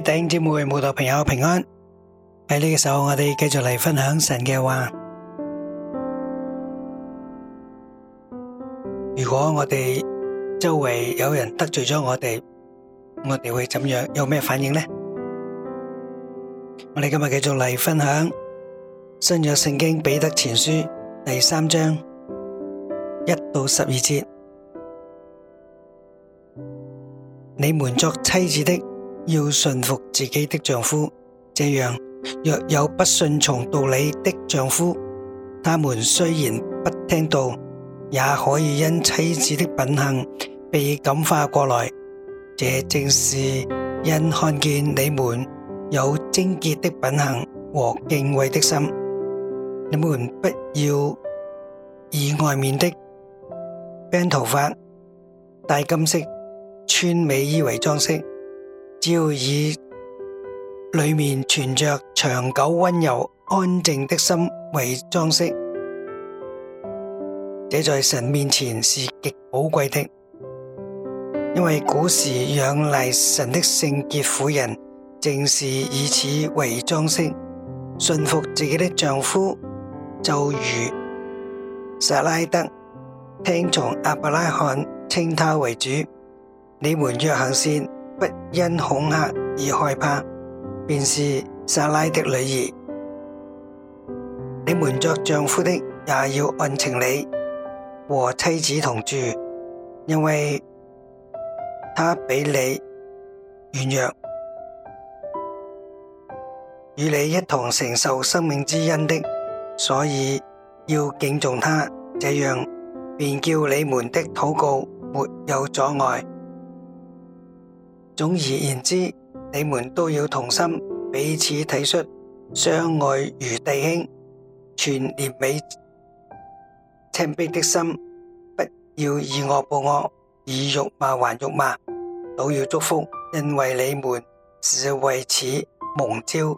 弟兄姊妹、慕道朋友平安。喺呢個時候，我哋繼續嚟分享神嘅話。如果我哋周圍有人得罪咗我哋，我哋會怎樣？有咩反應呢？我哋今日繼續嚟分享新約聖經彼得前書第三章一到十二節。你們作妻子的。要順服自己的丈夫，這樣若有不順從道理的丈夫，他們雖然不聽道，也可以因妻子的品行被感化過來。這正是因看見你們有貞潔的品行和敬畏的心。你們不要以外面的辮頭髮、戴金飾、穿美衣為裝飾。只要以裏面存着長久溫柔安靜的心為裝飾，這在神面前是極寶貴的，因為古時仰賴神的聖潔婦人，正是以此為裝飾，順服自己的丈夫，就如撒拉德聽從亞伯拉罕稱他為主，你們若行善。不因恐嚇而害怕，便是撒拉的女兒。你們作丈夫的也要按情理和妻子同住，因為她比你軟弱，與你一同承受生命之恩的，所以要敬重她。這樣便叫你們的禱告沒有阻礙。總而言之，你們都要同心，彼此體恤，相愛如弟兄，存憐憫、謙卑的心，不要以惡報惡，以辱罵還辱罵，都要祝福，因為你們是為此蒙召，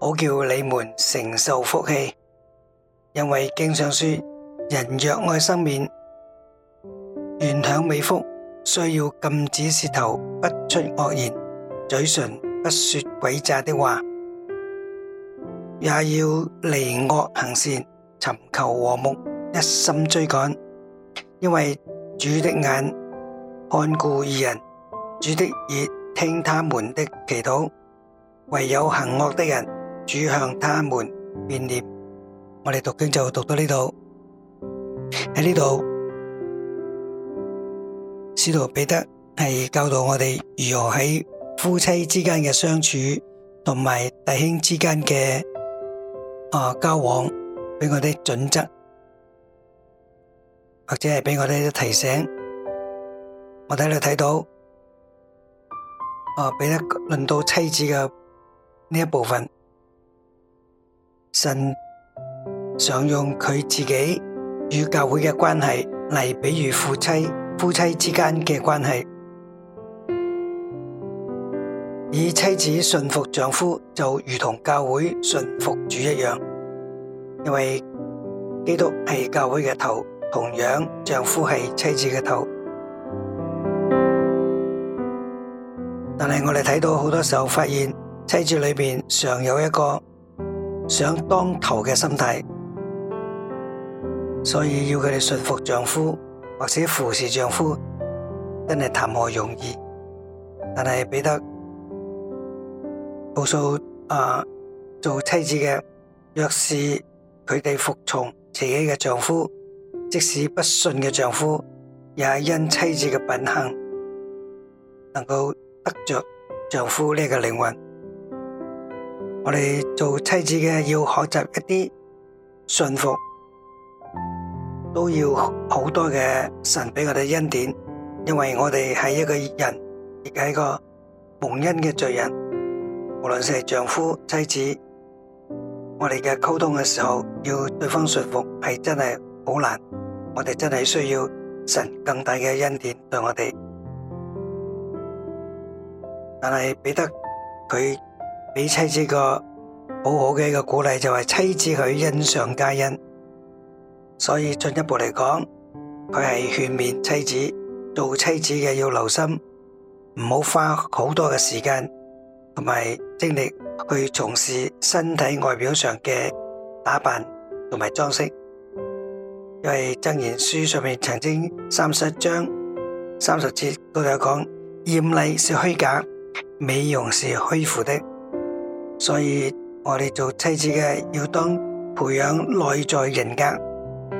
好叫你們承受福氣，因為經上說：人若愛生命，願享美福。需要禁止舌頭不出惡言，嘴唇不說詭詐的話，也要離惡行善，尋求和睦，一心追趕。因為主的眼看顧義人，主的耳聽他們的祈禱。唯有行惡的人，主向他們變臉。我哋讀經就讀到呢度，喺呢度。使徒彼得是教導我哋如何喺夫妻之間嘅相處，同埋弟兄之間嘅啊交往，俾我啲準則，或者係俾我啲提醒。我睇你睇到啊，彼得論到妻子嘅呢一部分，神想用佢自己與教會嘅關係嚟比喻夫妻。夫妻之間嘅關係，以妻子順服丈夫，就如同教會順服主一樣。因為基督係教會嘅頭，同樣丈夫係妻子嘅頭。但係我哋睇到好多時候，發現妻子裏面常有一個想當頭嘅心態，所以要佢哋順服丈夫。或者服侍丈夫真係談何容易，但係彼得告訴啊做妻子嘅，若是佢哋服從自己嘅丈夫，即使不信嘅丈夫，也因妻子嘅品行能夠得着丈夫呢個靈魂。我哋做妻子嘅要學習一啲信服。都要好多嘅神俾我哋恩典，因為我哋係一個人，亦係一個蒙恩嘅罪人。無論係丈夫、妻子，我哋嘅溝通嘅時候，要對方說服係真係好難。我哋真係需要神更大嘅恩典對我哋。但係彼得佢俾妻子個好好嘅一個鼓勵，就係、是、妻子佢欣上加恩。所以進一步嚟講，佢係勸勉妻子做妻子嘅要留心，唔好花好多嘅時間同埋精力去從事身體外表上嘅打扮同埋裝飾。因為箴言書上面曾經三十章三十節都有講，艷麗是虛假，美容是虛浮的。所以我哋做妻子嘅要當培養內在人格。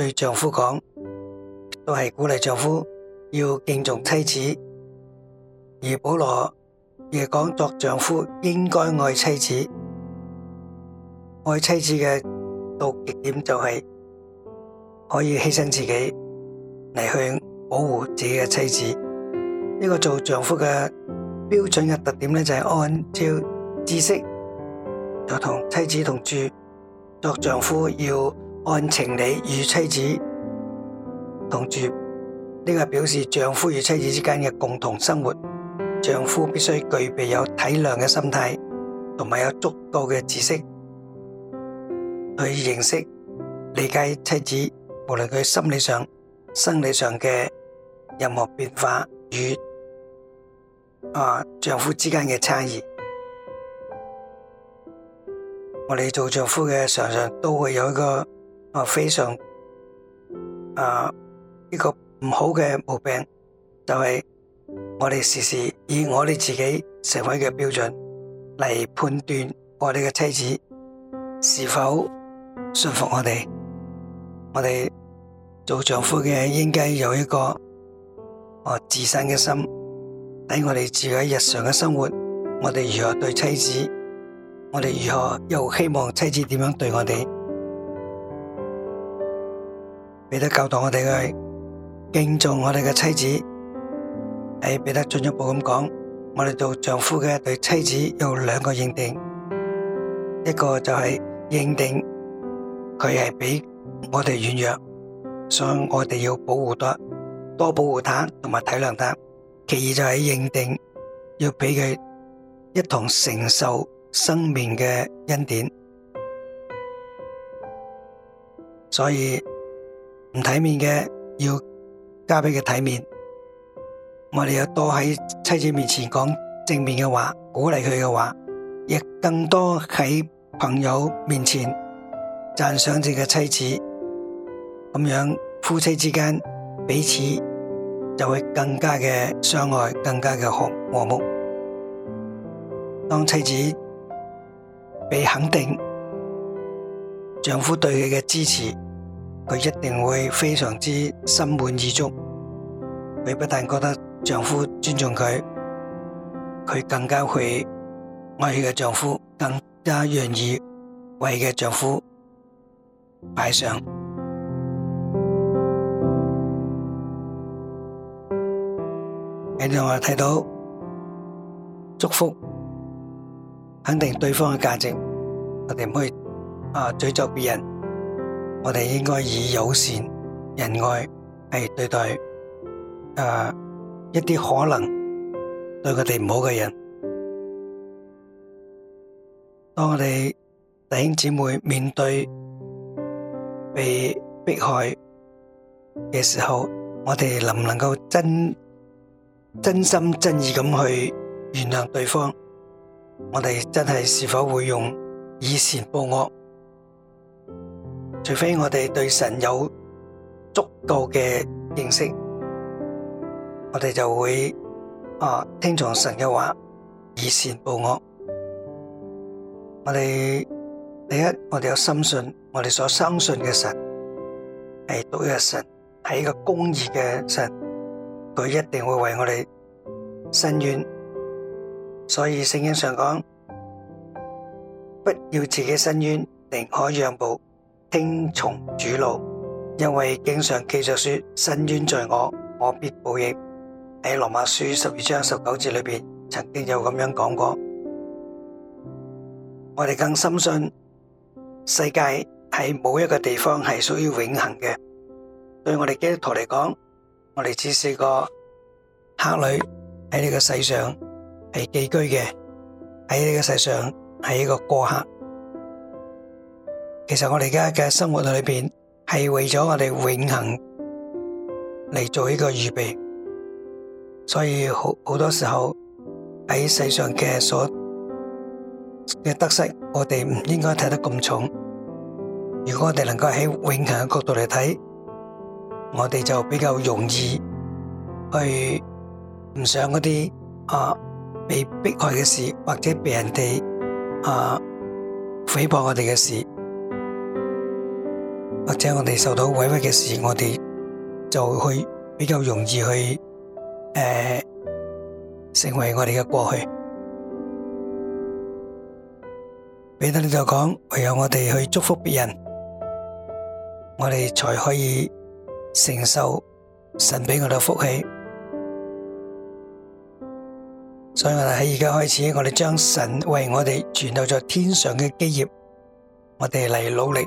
對丈夫講，都係鼓勵丈夫要敬重妻子；而保羅亦講，作丈夫應該愛妻子。愛妻子嘅到極點就係可以犧牲自己嚟去保護自己嘅妻子。呢、這個做丈夫嘅標準嘅特點咧，就係按照知識，就同妻子同住。作丈夫要。按情理與妻子同住，這個表示丈夫與妻子之間的共同生活，丈夫必須具備有體諒的心態，和有足夠的知識，去認識、理解妻子，無論他心理上、生理上的任何變化，與啊，丈夫之間的差異。我們做丈夫的常常，都會有一個啊，非常啊、呃！一個唔好嘅毛病就係、是、我哋時時以我哋自己社會嘅標準嚟判斷我哋嘅妻子是否信服我哋。我哋做丈夫嘅應該有一個、呃、自信嘅心，喺我哋自己日常嘅生活，我哋如何對妻子，我哋如何又希望妻子點樣對我哋？彼得教導我哋去敬重我哋嘅妻子。喺彼得進一步咁講，我哋做丈夫嘅對妻子有兩個認定：一個就係認定佢係比我哋軟弱，所以我哋要保護多，多保護她，同埋體諒她；其二就係認定要俾佢一同承受生命嘅恩典。所以。唔體面嘅，要加俾佢體面。我哋有多喺妻子面前講正面嘅話，鼓勵佢嘅話，亦更多喺朋友面前讚賞自己的妻子，咁樣夫妻之間彼此就會更加嘅相愛，更加嘅和睦。當妻子被肯定，丈夫對佢嘅支持。佢一定會非常之心滿意足，佢不但覺得丈夫尊重佢，佢更加會愛佢嘅丈夫，更加願意為佢嘅丈夫著想。 你讓我睇到祝福，肯定對方嘅價值，我哋唔可以啊詛咒別人。我哋應該以友善、仁愛嚟對待誒、呃、一啲可能對佢哋唔好嘅人。當我哋弟兄姊妹面對被迫害嘅時候，我哋能唔能夠真真心真意咁去原諒對方？我哋真係是，是否會用以善報惡？除非我哋對神有足夠嘅認識，我哋就會啊聽從神嘅話，以善報惡。我哋第一，我哋有深信，我哋所相信嘅神係獨一嘅神，係一個公義嘅神，佢一定會為我哋伸冤。所以聖經上講，不要自己伸冤，寧可讓步。聽從主路，因為經常記着說：伸冤在我，我必報應。喺羅馬書十二章十九節裏邊，曾經有咁樣講過。我哋更深信，世界喺冇一個地方係屬於永恆嘅。對我哋基督徒嚟講，我哋只是個客旅喺呢個世上係寄居嘅，喺呢個世上係一個過客。其實我哋而家嘅生活裏面係為咗我哋永恒嚟做呢個預備，所以好多時候喺世上嘅所得失，我哋唔應該睇得咁重。如果我哋能夠喺永恒嘅角度嚟睇，我哋就比較容易去唔想嗰啲、啊、被迫害嘅事，或者被人哋啊誹謗我哋嘅事。或者我哋受到委屈嘅事，我哋就會比較容易去誒成為我哋嘅過去。彼得你就講，唯有我哋去祝福別人，我哋才可以承受神俾我哋嘅福氣。所以我哋喺而家開始，我哋將神為我哋傳到咗天上嘅基業，我哋嚟努力。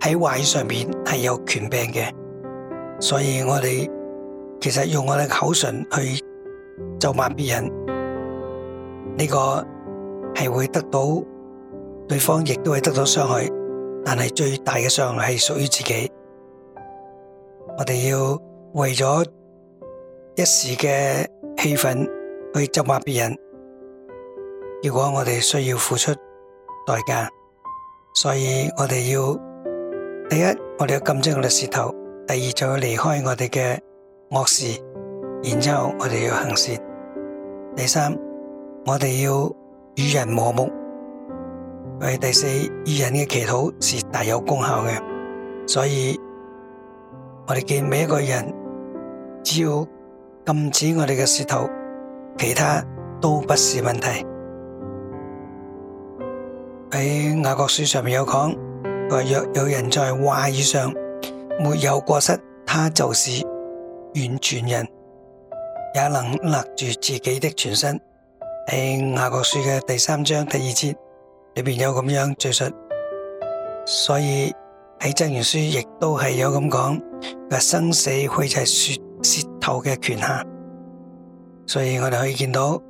喺話語上面係有權柄嘅，所以我哋其實用我哋嘅口唇去咒罵別人，呢、呢個係會得到對方亦都會得到傷害，但係最大嘅傷害係屬於自己。我哋要為咗一時嘅氣憤去咒罵別人，如果我哋需要付出代價，所以我哋要。第一，我哋要禁止我哋舌頭；第二，就要離開我哋嘅惡事，然之後我哋要行善；第三，我哋要與人和睦；係第四，與人嘅祈禱是大有功效嘅。所以，我哋見每一個人，只要禁止我哋嘅舌頭，其他都不是問題。喺雅各書上面有講。若有人在話語上沒有過失，他就是完全人，也能勒住自己的全身。喺《雅各書》嘅第三章第二節裏面有這樣敘述，所以喺《箴言書》亦都係有咁講生死，會就說舌頭嘅權限。」所以我哋可以見到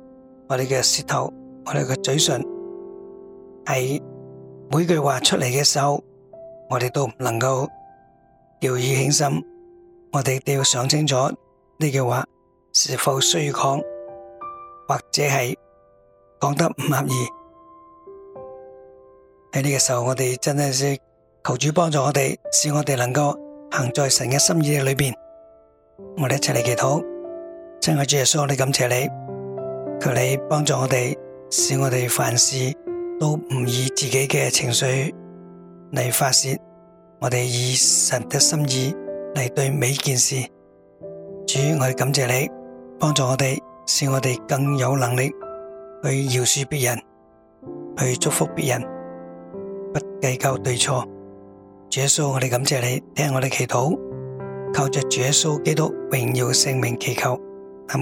我哋嘅舌頭，我哋嘅嘴唇係每句話出嚟嘅時候。我哋都唔能夠掉以輕心，我哋一定要想清楚呢句話是否需要講，或者係講得唔合意。喺呢個時候，我哋真係識求主幫助我哋，使我哋能夠行在神嘅心意裏邊。我哋一齊嚟祈禱，親愛的主耶穌，我哋感謝你，求你幫助我哋，使我哋凡事都唔以自己嘅情緒。嚟發洩，我哋以神嘅心意嚟對每件事。主，我哋感謝你幫助我哋，使我哋更有能力去饒恕別人，去祝福別人，不計較對錯。主耶穌，我哋感謝你聽我哋祈禱，靠着主耶穌基督榮耀聖名祈求，阿